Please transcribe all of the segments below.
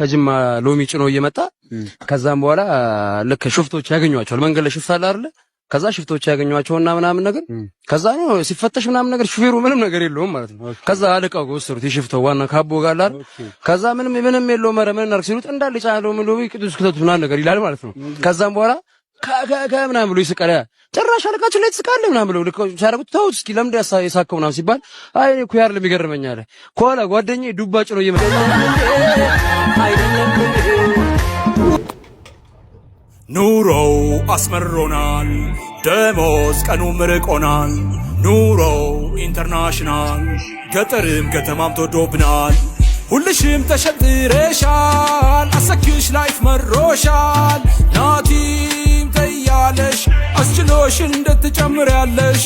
ከጅማ ሎሚ ጭኖ እየመጣ ከዛም በኋላ ልክ ሽፍቶች ያገኟቸዋል። መንገድ ላይ ሽፍት አለ አይደለ? ከዛ ሽፍቶች ያገኟቸውና ምናምን ነገር ከዛ ነው ሲፈተሽ ምናምን ነገር ሹፌሩ ምንም ነገር የለውም ማለት ነው። ከዛ አለቃው ወሰዱት የሽፍተው ዋና ካቦ ጋር አለ። ከዛ ምንም ምንም የለውም ኧረ ምን እናድርግ ሲሉት እንዳለ ጫለው ሎሚ ቅዱስ ክተቱና ነገር ይላል ማለት ነው። ከዛም በኋላ ከምናምን ብሎ ይስቃል። ጭራሽ አለቃችሁ ላይ ትስቃለ ምናምን ብሎ ልኮ ሲያደርጉት ተውት እስኪ ለምንድን የሳከው ምናምን ሲባል አይ እኮ ያር የሚገርመኝ አለ ከኋላ ጓደኛዬ ዱባ ጭኖ እየመጣ ኑሮው አስመሮናል፣ ደሞዝ ቀኑም ርቆናል። ኑሮው ኢንተርናሽናል፣ ገጠርም ከተማም ተወዶብናል። ሁልሽም ተሸብርሻል፣ አሰክሽ ላይፍ መሮሻል ናቲ ያለሽ አስችሎሽ እንድትጨምር ያለሽ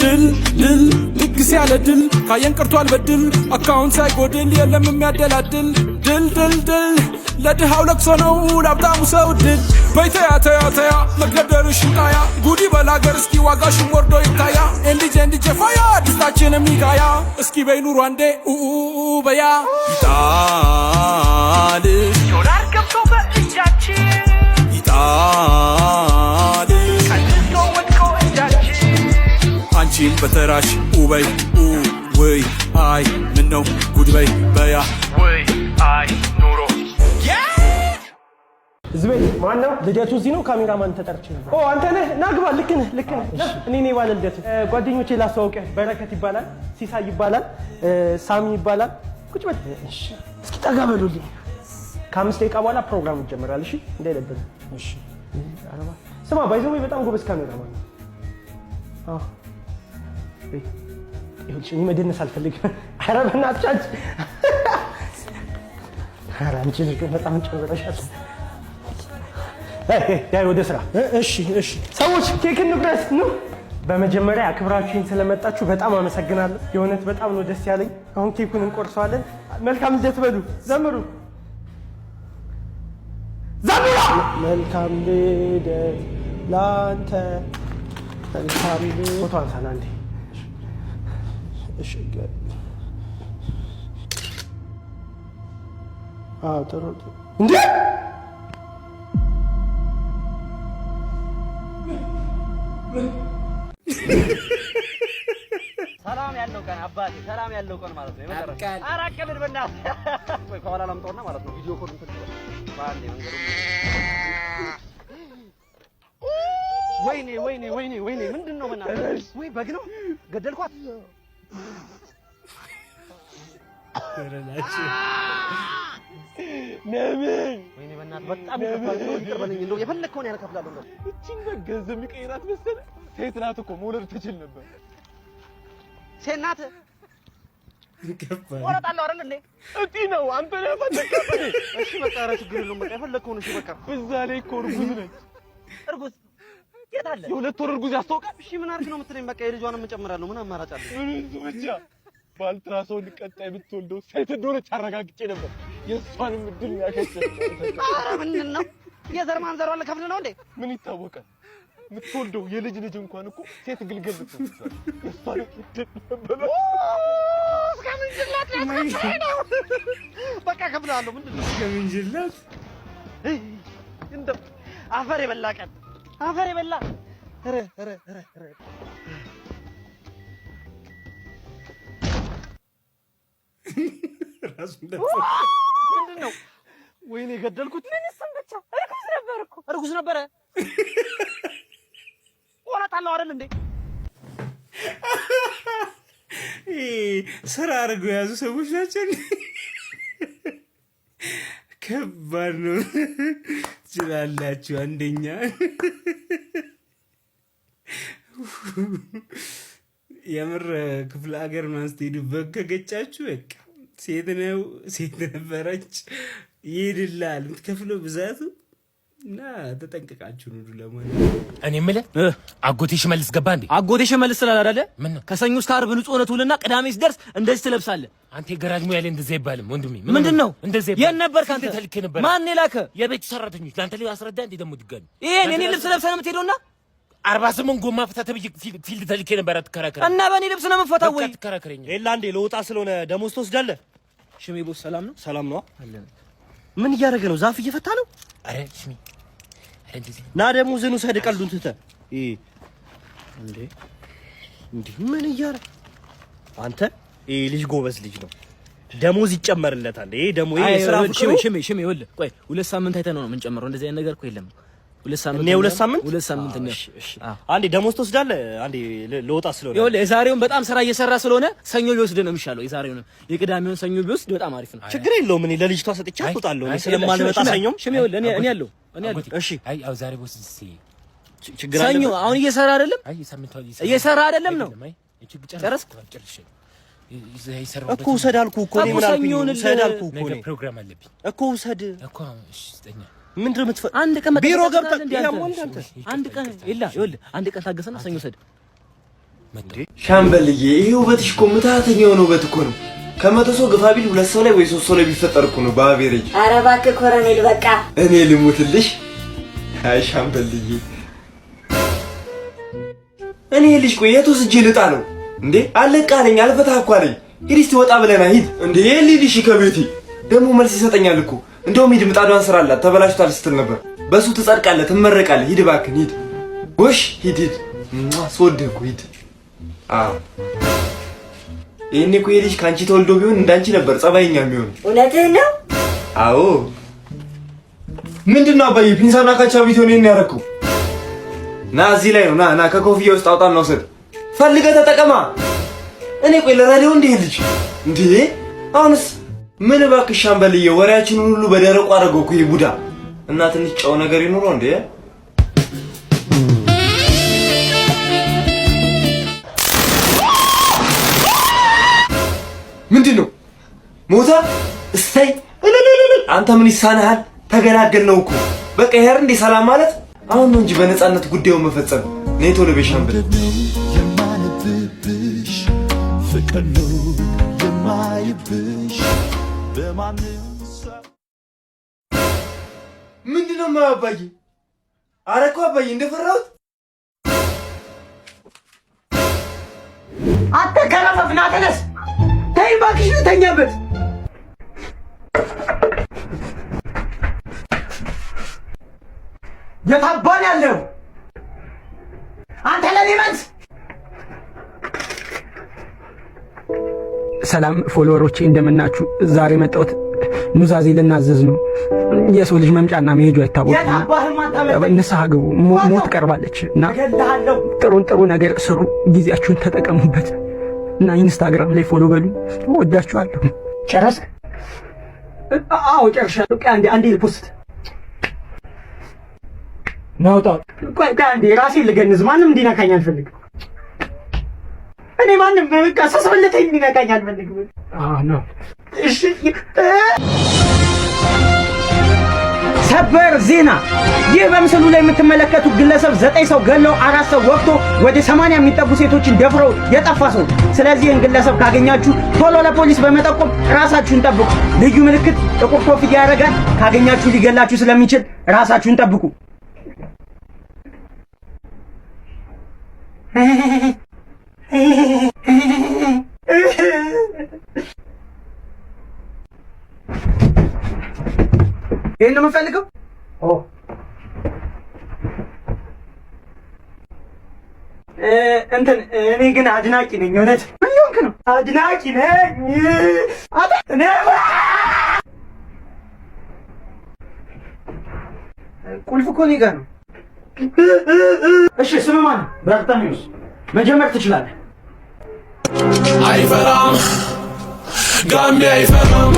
ድል ድል ድግስ ያለ ድል ካየን ቀርቷል በድል አካውንት ሳይጎድል የለም የሚያደላድል ድል ድል ድል ለድሃው ለቅሶ ነው ለሀብታሙ ሰው ድል በይተያ ተያ ተያ መግደርደርሽን ሽንጣያ ጉዲ በላገር እስኪ ዋጋሽን ወርዶ ይታያ ኤንዲጄ ኤንዲጄ ፋያ ደስታችንም ይጋያ እስኪ በይ ኑሮ አንዴ ኡኡ በያ ይጣል ዶላር ገብቶ በእጃችን ይጣል አንቺም በተራሽ ውበይ ውይ አይ ምን ነው ጉድበይ በያ ውይ አይ ኑሮ ዝቤ ማን ነው? ልደቱ እዚህ ነው። ካሜራማን ተጠርቼ ነው። አንተ ነህ? ና ግባ። ልክ ነህ፣ ልክ ነህ። እኔ ነኝ ባለ ልደቱ። ጓደኞቼ ላስተዋውቅህ። በረከት ይባላል፣ ሲሳይ ይባላል፣ ሳሚ ይባላል። ቁጭ በል እስኪ ጠጋ በሉልኝ። ከአምስት ደቂቃ በኋላ ፕሮግራም ይጀምራል። እሺ እንዳይለብህ። እሺ። ስማ፣ ባይዘ በጣም ጎበዝ ካሜራማን ነው። ይኸውልሽ እኔ መደነስ አልፈልግም። ኧረ በእናትሽ አንቺ ኧረ አንቺ ልጅ በጣም ጨበጠሻለሁ። ያው ወደ ስራ። እሺ እሺ። ሰዎች ኬክ እንቁረስ ነው። በመጀመሪያ አክብራችሁኝ ስለመጣችሁ በጣም አመሰግናለሁ። የእውነት በጣም ነው ደስ ያለኝ። አሁን ኬኩን እንቆርሰዋለን። መልካም ልደት በሉ። ዘምሩ ዘምሩ። መልካም ልደት ላንተ። መልካም ፎቶ አንሳና እንዴ እንዴ ሰላም ያለው ቀን አባቴ፣ ሰላም ያለው ቀን ማለት ነው። የመጨረሻ አራት ቀን በእናትህ ወይ ከኋላ ላምጣውና ማለት ነው ቪዲዮ ኮል እንትን በአንዴ መንገዱ። ወይኔ ወይኔ ወይኔ ወይኔ፣ ምንድን ነው በእናትህ? ወይ በግ ነው ገደልኳት። ለምን ወይኔ፣ በእናትህ በጣም ይከፋል። እንደው የፈለግከውን ያህል እከፍላለሁ። እንደው እቺን በገንዘብ የሚቀይራት መሰለህ? ሴት ናት እኮ መውለድ ትችል ነበር። ሴት ናት። ቆረጣለሁ አይደል እንዴ? እጢ ነው። አንተ ነህ የፈለግከው። እሺ በቃ ኧረ ችግር የለውም። በቃ የፈለግከውን እሺ በቃ። በዛ ላይ እኮ እርጉዝ ነች። እርጉዝ የት የሁለት ወር እርጉዝ ያስታውቃል። እሺ ምን አድርግ ነው የምትለኝ? በቃ የልጇንም እጨምራለሁ። ምን አማራጭ አለ? ብቻ በአልትራሳውንድ ቀጣይ ብትወልደው ሴት እንደሆነች አረጋግጬ ነበር። የእሷንም እድል ያከቸ። ኧረ ምንድን ነው የዘር ማንዘሯ ልከፍል ነው እንዴ? ምን ይታወቃል? የምትወልደው የልጅ ልጅ እንኳን እኮ ሴት ግልገል ትመስላለች። የእሷንም በቃ ከፍላለሁ። ምንድን ነው እስከምንጅላት እንደው አፈር የበላ አፈር የበላ ምንድን ነው? ወይኔ የገደልኩት ምንስም ብቻ እርጉዝ ነበር እኮ እርጉዝ ነበረ። ቆረጣለሁ አይደል እንዴ? ስራ አድርገው የያዙ ሰዎች ናቸው። ከባድ ነው። ትችላላችሁ። አንደኛ የምር ክፍለ ሀገር ማንስቴዱ በከገጫችሁ በቃ ሴት ነው ሴት ነበረች ይሄድልሃል። የምትከፍለው ብዛቱ እና ተጠንቅቃችሁ ለማንኛውም እኔ የምልህ አጎቴ ሽመልስ ገባ እንዴ? አጎቴ ሽመልስ ስላል አይደለ? ምን ከሰኞ እስከ ዓርብ ንጹህ ነው ትውልና ቅዳሜ ሲደርስ እንደዚህ ትለብሳለህ። አንተ የገራጅ ሙያ ላይ እንደዚህ አይባልም ወንድሜ። ምንድን ነው እንደዚህ የት ነበር? ካንተ ተልኬ ነበር። ማን የላከ? የቤት ሰራተኞች ለአንተ ላይ አስረዳ። እንዴ ደግሞ ድጋሚ ይሄን እኔ ልብስ ለብሰህ ነው የምትሄደውና አርባ ስምንት ጎማ ፍታ ተብዬ ፊልድ ተልኬ ነበር። አትከራከረኝ እና በእኔ ልብስ ነው የምትፈታው ወይ? አትከራከረኝ። ሌላ እንዴ ለውጣ ስለሆነ ደሞዝ ትወስዳለህ። ሽሜ ቦስ ሰላም ነው? ሰላም ነው። ምን እያደረገ ነው? ዛፍ እየፈታ ነው። አረ ሽሜ ና ደግሞ ዝኑ ሰድ ቀልዱን ትተህ እንዴ እንዴ ምን እያረ አንተ ልጅ ጎበዝ ልጅ ነው። ደሞዝ ይጨመርለታል። ይሄ ደሞ ይሄ ስራ ሽሜ ሽሜ ሽሜ ወለ ቆይ ሁለት ሳምንት አይተህ ነው የምንጨምረው። እንደዚህ አይነት ነገር እኮ የለም። ሁለት ሳምንት ነው ሁለት ሳምንት ሁለት ሳምንት ነው። አንዴ ደሞዝ ትወስዳለህ፣ አንዴ ለወጣ ስለሆነ ይኸውልህ፣ የዛሬውን በጣም ስራ እየሰራ ስለሆነ ሰኞ ቢወስድ ነው የሚሻለው። የዛሬውን የቅዳሜውን ሰኞ ቢወስድ በጣም አሪፍ ነው። ችግር የለውም። እኔ ለልጅቷ ሰጥቻት እወጣለሁ። እኔ ስለማልመጣ ሰኞም ሽሜ ወለ እኔ እኔ ያለው ሰኞ አሁን እየሰራ አይደለም፣ እየሰራ አይደለም ነው እኮ ውሰድ አልኩህ እኮ ፕሮግራም አለብኝ እኮ ውሰድ እኮ ምንድን ነው የምትፈ አንድ ቀን ቢሮ ገብተህ አንድ ቀን ታገሰና ሰኞ ውሰድ ሻምበልዬ። ይሄ ውበትሽ እኮ ምታተኛ የሆነ ውበት እኮ ነው። ከመቶ ሰው ግፋ ቢል ሁለት ሰው ላይ ወይ ሶስት ሰው ላይ ቢፈጠር እኮ ነው በአቬሬጅ። ኧረ እባክህ ኮረኔል በቃ እኔ ልሙትልሽ። አይ ሻምበልዬ፣ እኔ ልጅ ቆይ የቱስ እጄ ልጣ ነው እንዴ? አለቃለኝ አልፈታህ እኮ አለኝ። ሂድ እስኪ ወጣ ብለና ሂድ እንዴ ልጅ ከቤቴ ደግሞ መልስ ይሰጠኛል እኮ እንደውም ሂድ ምጣዷን ስራላት ተበላሽቷል ስትል ነበር። በሱ ትጸድቃለህ፣ ትመረቃለህ። ሂድ እባክህን ሂድ። ጎሽ ሂድ ሂድ። ስወድህ እኮ ሂድ። አዎ ይሄኔ እኮ የልጅ ከአንቺ ተወልዶ ቢሆን እንዳንቺ ነበር ጸባይኛ የሚሆን። እውነትህ ነው? አዎ። ምንድን ነው አባዬ ፒንሳና ካቻ ቢት ሆነ ያደረኩ? ና እዚህ ላይ ነው። ና ና፣ ከኮፍያ ውስጥ አውጣና ውሰድ። ፈልገ ተጠቀማ። እኔ ቆይ ለራዲዮ እንዲህ ልጅ እንዴ! አሁንስ ምን እባክሽ ሻምበልዬ፣ ወሬያችንን ሁሉ በደረቁ አደረገው እኮ ይሄ ቡዳ እና ትንሽ ጨው ነገር ይኑሮ እንዴ! ምንድን ነው ሞተ? እሰይ አንተ ምን ይሳናሃል? ተገላገል ነው እኮ በቃ ይሄር እንዴ ሰላም ማለት አሁን ነው እንጂ በነፃነት ጉዳዩ መፈጸም ኔቶ ለቤሻም ብል ፍቅር ነው የማይብሽ በማንም ምንድን ነው አረ እኮ አባዬ እንደፈራሁት አንተ ከረፈፍና ተነስ ተይ እባክሽ ተኛበት። የታባን ያለው አንተ ለኔ ሰላም ፎሎወሮቼ እንደምናችሁ። ዛሬ መጣሁት ኑዛዜ ልናዘዝ ነው። የሰው ልጅ መምጫና መሄጁ አይታወቅም። ንስሐ ግቡ። ሞት ቀርባለች እና ጥሩን ጥሩ ነገር ስሩ። ጊዜያችሁን ተጠቀሙበት። እና ኢንስታግራም ላይ ፎሎ በሉ። ወዳችኋለሁ። ጨረስ? አዎ ጨርሻለሁ። ቆይ አንዴ አንዴ ልፖስት ናውጣ። ቆይ ቆይ አንዴ ራሴን ልገንዝ። ማንም እንዲነካኝ አልፈልግም። እኔ ማንም በቃ ሰስበለተኝ እንዲነካኝ አልፈልግም። አዎ ነው። እሺ ሰበር ዜና! ይህ በምስሉ ላይ የምትመለከቱት ግለሰብ ዘጠኝ ሰው ገለው አራት ሰው ወቅቶ ወደ ሰማንያ የሚጠጉ ሴቶችን ደፍረው የጠፋ ሰው። ስለዚህን ግለሰብ ካገኛችሁ ቶሎ ለፖሊስ በመጠቆም ራሳችሁን ጠብቁ። ልዩ ምልክት ጥቁር ኮፍያ ያደርጋል። ካገኛችሁ ሊገላችሁ ስለሚችል ራሳችሁን ጠብቁ። Yun naman friend ko. Oh. እንትን እኔ ግን አድናቂ ነኝ። እውነት ምን ሆንክ ነው? አድናቂ ነኝ። አታ እኔ ቁልፍ እኮ እኔ ጋር ነው። እሺ ስም ማን? በርተሚውስ መጀመር ትችላለህ። አይፈራም ጋሚ አይፈራም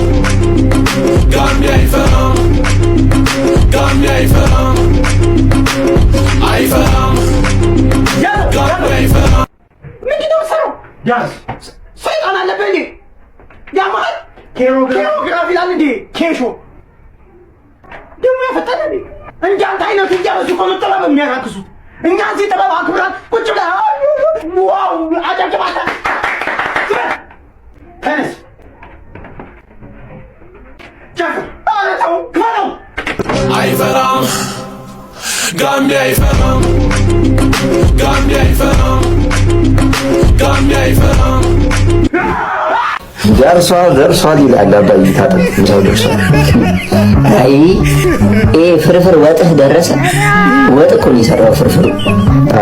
ጋሚ አይፈራም ጋሚ አይፈራም አይፈራም ጋሚ አይፈራም ምንድን ነው የምትሰራው? ያዝ ሰይጣን አለብህ እንዴ? ያማል ኬሮግራፊ ላል እንዴ ኬሾ ደግሞ ያፈጠነ እንዳንተ አይነቱ እያበዙ እኮ ነው ጥበብ የሚያራክሱት። እኛ እዚህ ጥበብ አክብራት ቁጭ ብላ ዋው አጨብጭባታ ተነስ አይፈራም ጋምቢ አይፈራም ጋምቢ አይፈራም ጋምቢ አይፈራም። ደርሷል ደርሷል ይላል አባይ ታጠቅ ምሳው ደርሷል። አይ ኤ ፍርፍር ወጥህ ደረሰ። ወጥ እኮ ነው የሰራው ፍርፍር።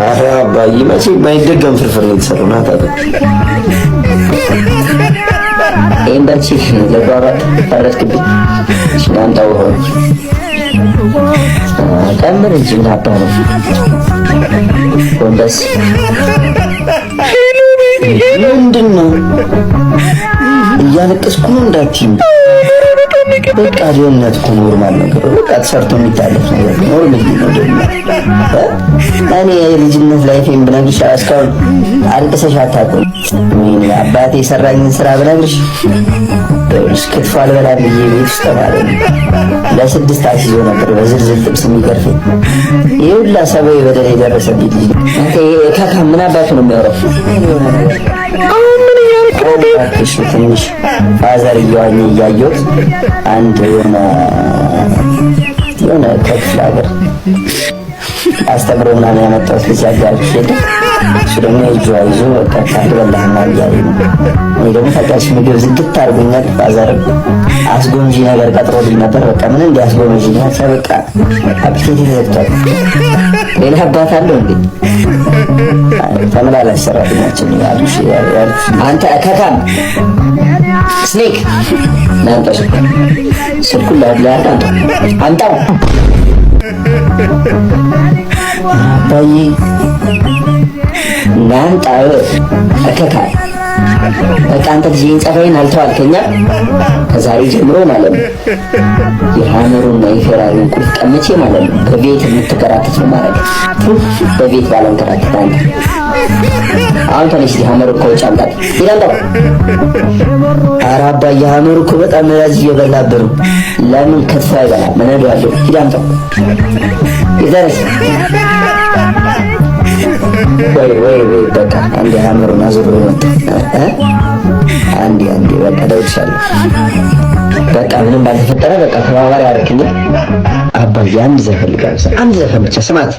አረ አባይ መቼ የማይደገም ፍርፍር ነው የተሰራው። ና ታጠቅ ኤምባሲ ለጓባት ፈረስክብኝ። ሽናንታው ቀምር እንጂ ምን አባ ነው ጎንበስ ምንድን ነው? እያለቀስኩ ነው እንዳትዪ በቃ ድህነት እኮ ኖርማል ነገር፣ በቃ ተሰርቶ የሚታለፍ ነገር ኖርማል ነው። እኔ የልጅነት ላይፌን ብነግርሽ እስካሁን አልቅሰሽ አታውቅም። አባቴ የሰራኝን ስራ ብነግርሽ ክትፎ አልበላም ብዬ ቤት ውስጥ ማለት ነው ለስድስት አስይዞ ነበር በዝርዝር ጥብስ የሚገርፈኝ። ይህ ሁላ ሰብአዊ በደል የደረሰብኝ ልጅ ከካ ምን አባቱ ነው የሚያወራው? እሺ ትንሽ ፋዘር እየዋኝ እያየሁት አንድ የሆነ የሆነ ከክፍለ ሀገር አስተምሮ ምናምን ያመጣሁት ልጅ አጋርሽ የለ እሱ ደግሞ እጇ ይዞ በቃ ካልበላህና እያለ ነው። እኔ ደግሞ ፈቃሽ ምግብ ዝግት አድርጎኛል። ፋዘር አስጎምጂ ነገር ቀጥሮልኝ ነበር። በቃ ምን እንዲ አስጎምጂ በቃ አፕቴት ይዘግቷል። ሌላ አባት አለው እንዴ? ተመላላሽ ሰራተኛችን አንተ ከታም ስኔክ ናምጣሽ ስልኩን ላድላ አንጣው አባዬ ናምጣ ከካም በቃ አንተ ልጅን ጸባይን አልተዋልከኛ። ከዛሬ ጀምሮ ማለት ነው የሃመሩና የፌራሪን ቁልፍ ቀመቼ ማለት ነው በቤት የምትከራተት ነው ማለት ነው። በቤት ባላንከራተት አንተ አሁን ተነሽ ሀመር እኮ ወጪ አምጣት ይላል። ኧረ አባዬ ሀመር እኮ በጣም ያዝ እየበላብህ ነው። ለምን ክትፎ አይበላም? ምን አደረገው? ሂድ አምጣው ይደረስ ወይ ወይ ወይ በቃ አንድ ሀመሩን አዙሮ መጣ። አንዴ አንዴ በቃ ደውልሻለሁ። በቃ ምንም ባልተፈጠረ በቃ ተባባሪ አድርግኝ። አባዬ አንድ ዘፈን ልጋብዛ፣ አንድ ዘፈን ብቻ ስማት